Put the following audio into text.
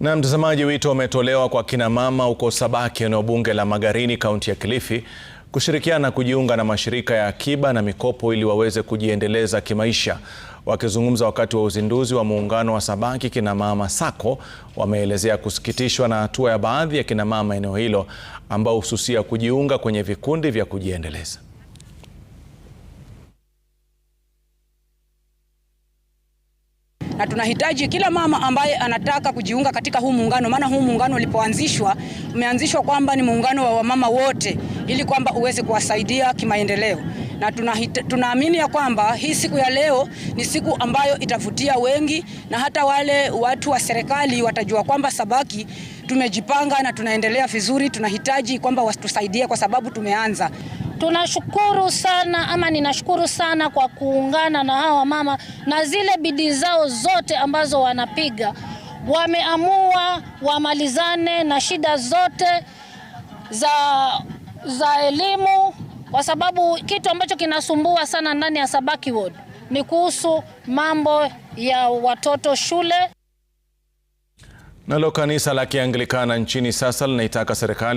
Na mtazamaji, wito umetolewa kwa kina mama huko Sabaki, eneo bunge la Magarini, kaunti ya Kilifi, kushirikiana kujiunga na mashirika ya akiba na mikopo ili waweze kujiendeleza kimaisha. Wakizungumza wakati wa uzinduzi wa muungano wa Sabaki kina mama Sako, wameelezea kusikitishwa na hatua ya baadhi ya kina mama eneo hilo ambao hususia kujiunga kwenye vikundi vya kujiendeleza. na tunahitaji kila mama ambaye anataka kujiunga katika huu muungano, maana huu muungano ulipoanzishwa umeanzishwa kwamba ni muungano wa wamama wote, ili kwamba uweze kuwasaidia kimaendeleo na tunaamini ya kwamba hii siku ya leo ni siku ambayo itavutia wengi, na hata wale watu wa serikali watajua kwamba Sabaki tumejipanga na tunaendelea vizuri. Tunahitaji kwamba watusaidie kwa sababu tumeanza. Tunashukuru sana ama ninashukuru sana kwa kuungana na hawa mama na zile bidii zao zote ambazo wanapiga. Wameamua wamalizane na shida zote za, za elimu kwa sababu kitu ambacho kinasumbua sana ndani ya Sabaki Ward ni kuhusu mambo ya watoto shule. Nalo kanisa la Kianglikana nchini sasa linaitaka serikali